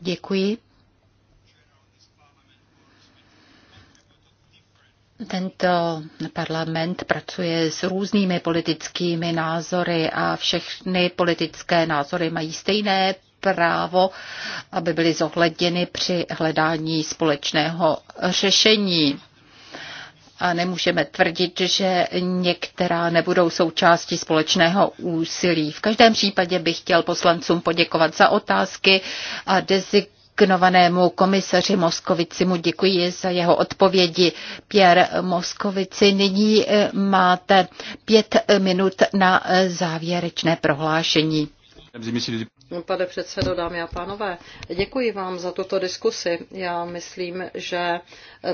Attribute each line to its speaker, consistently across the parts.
Speaker 1: Děkuji. Tento parlament pracuje s různými politickými názory a všechny politické názory mají stejné právo, aby byly zohledněny při hledání společného řešení a nemůžeme tvrdit, že některá nebudou součástí společného úsilí. V každém případě bych chtěl poslancům poděkovat za otázky a dezignovat designovanému komisaři Moskovici mu děkuji za jeho odpovědi. Pierre Moskovici, nyní eh, máte pět minut na eh, závěrečné prohlášení.
Speaker 2: Pane předsedo, dámy a pánové, děkuji vám za tuto diskusi. Já myslím, že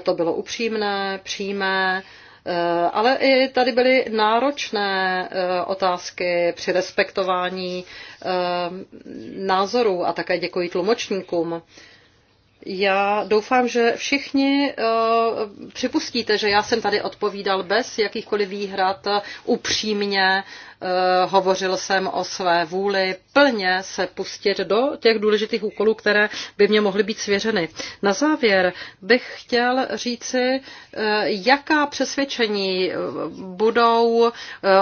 Speaker 2: to bylo upřímné, přímé, eh, ale i tady byly náročné eh, otázky při respektování eh, názorů a také děkuji tlumočníkům. Já doufám, že všichni uh, připustíte, že já jsem tady odpovídal bez jakýchkoliv výhrad, upřímně uh, hovořil jsem o své vůli plně se pustit do těch důležitých úkolů, které by mě mohly být svěřeny. Na závěr bych chtěl říci, uh, jaká přesvědčení budou uh,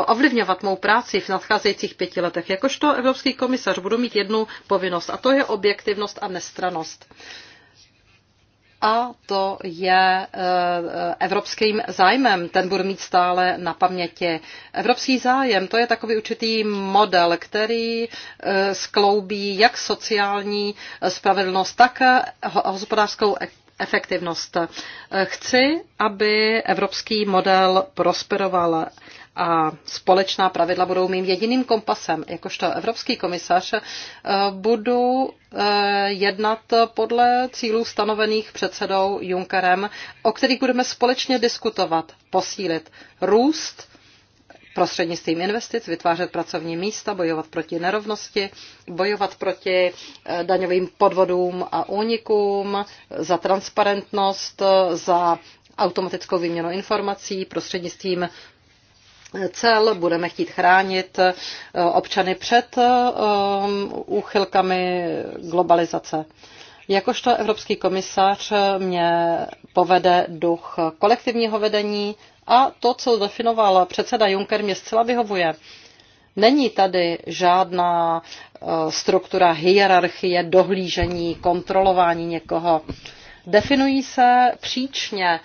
Speaker 2: ovlivňovat mou práci v nadcházejících pěti letech. Jakožto Evropský komisař budu mít jednu povinnost a to je objektivnost a nestranost a to je eh, evropským zájmem. Ten budu mít stále na paměti. Evropský zájem, to je takový určitý model, který eh, skloubí jak sociální spravedlnost, tak hospodářskou efektivnost. Chci, aby evropský model prosperoval a společná pravidla budou mým jediným kompasem. Jakožto evropský komisař eh, budu eh, jednat podle cílů stanovených předsedou Junckerem, o kterých budeme společně diskutovat, posílit růst, prostřednictvím investic vytvářet pracovní místa, bojovat proti nerovnosti, bojovat proti eh, daňovým podvodům a únikům, za transparentnost, za automatickou výměnu informací prostřednictvím eh, cel, budeme chtít chránit eh, občany před úchylkami globalizace. Jakožto evropský komisař mě povede duch kolektivního vedení, a to, co definoval předseda Juncker, mě zcela vyhovuje. Není tady žádná eh, struktura hierarchie, dohlížení, kontrolování někoho. Definují se příčně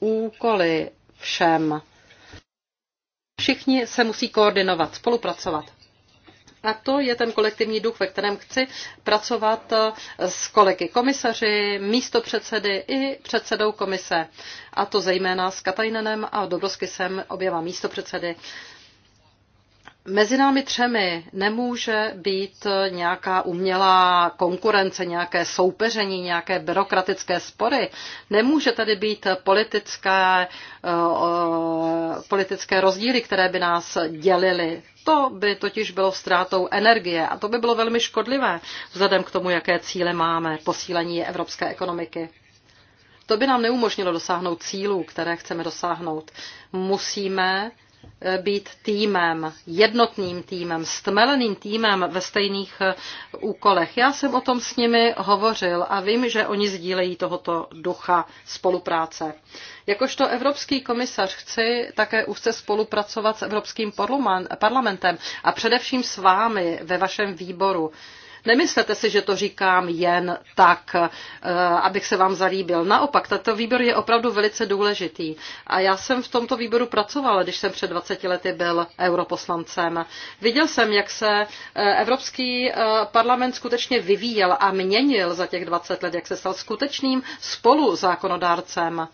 Speaker 2: úkoly všem. Všichni se musí koordinovat, spolupracovat. A to je ten kolektivní duch, ve kterém chci pracovat eh, s kolegy komisaři, místopředsedy i předsedou komise. A to zejména s Katajnenem a Dobroskysem, oběma místopředsedy Mezi námi třemi nemůže být nějaká umělá konkurence, nějaké soupeření, nějaké byrokratické spory. Nemůže tady být politické, eh, eh, politické rozdíly, které by nás dělily. To by totiž bylo ztrátou energie a to by bylo velmi škodlivé vzhledem k tomu, jaké cíle máme posílení evropské ekonomiky. To by nám neumožnilo dosáhnout cílů, které chceme dosáhnout. Musíme být týmem, jednotným týmem, stmeleným týmem ve stejných eh, úkolech. Já jsem o tom s nimi hovořil a vím, že oni sdílejí tohoto ducha spolupráce. Jakožto evropský komisař chci také úzce spolupracovat s Evropským parlamentem a především s vámi ve vašem výboru Nemyslete si, že to říkám jen tak, eh, abych se vám zalíbil. Naopak, tato výbor je opravdu velice důležitý. A já jsem v tomto výboru pracoval, když jsem před 20 lety byl europoslancem. Viděl jsem, jak se eh, Evropský eh, parlament skutečně vyvíjel a měnil za těch 20 let, jak se stal skutečným spoluzákonodárcem.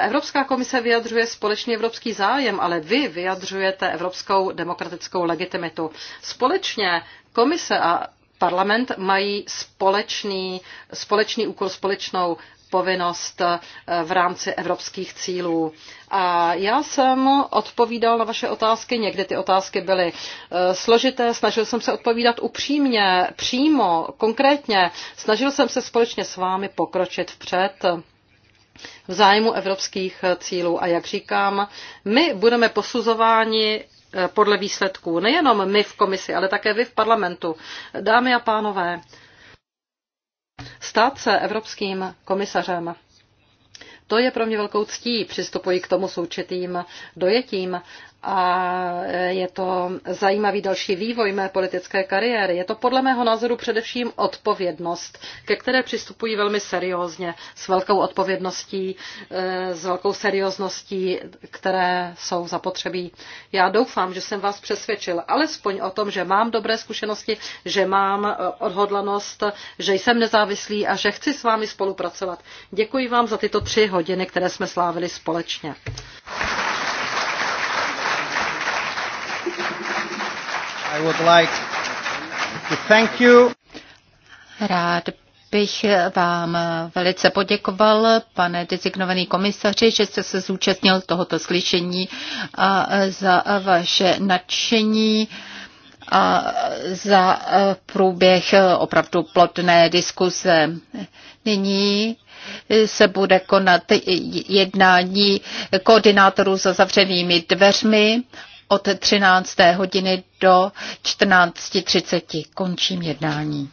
Speaker 2: Evropská komise vyjadřuje společný evropský zájem, ale vy vyjadřujete evropskou demokratickou legitimitu. Společně komise a parlament mají společný, společný úkol, společnou povinnost eh, v rámci evropských cílů. A já jsem odpovídal na vaše otázky, někdy ty otázky byly eh, složité, snažil jsem se odpovídat upřímně, přímo, konkrétně, snažil jsem se společně s vámi pokročit vpřed v zájmu evropských cílů. A jak říkám, my budeme posuzováni Eh, podle výsledků. Nejenom my v komisi, ale také vy v parlamentu. Dámy a pánové, stát se evropským komisařem. To je pro mě velkou ctí, přistupuji k tomu s určitým dojetím a je to zajímavý další vývoj mé politické kariéry. Je to podle mého názoru především odpovědnost, ke které přistupuji velmi seriózně, s velkou odpovědností, eh, s velkou seriózností, které jsou zapotřebí. Já doufám, že jsem vás přesvědčil alespoň o tom, že mám dobré zkušenosti, že mám eh, odhodlanost, že jsem nezávislý a že chci s vámi spolupracovat. Děkuji vám za tyto tři hodiny, které jsme slávili společně. I would like to
Speaker 1: thank you. Rád bych vám velice poděkoval, pane designovaný komisaři, že jste se zúčastnil tohoto slyšení a za vaše nadšení a za průběh opravdu plodné diskuse. Nyní se bude konat jednání koordinátorů za zavřenými dveřmi od 13. hodiny do 14.30. Končím jednání.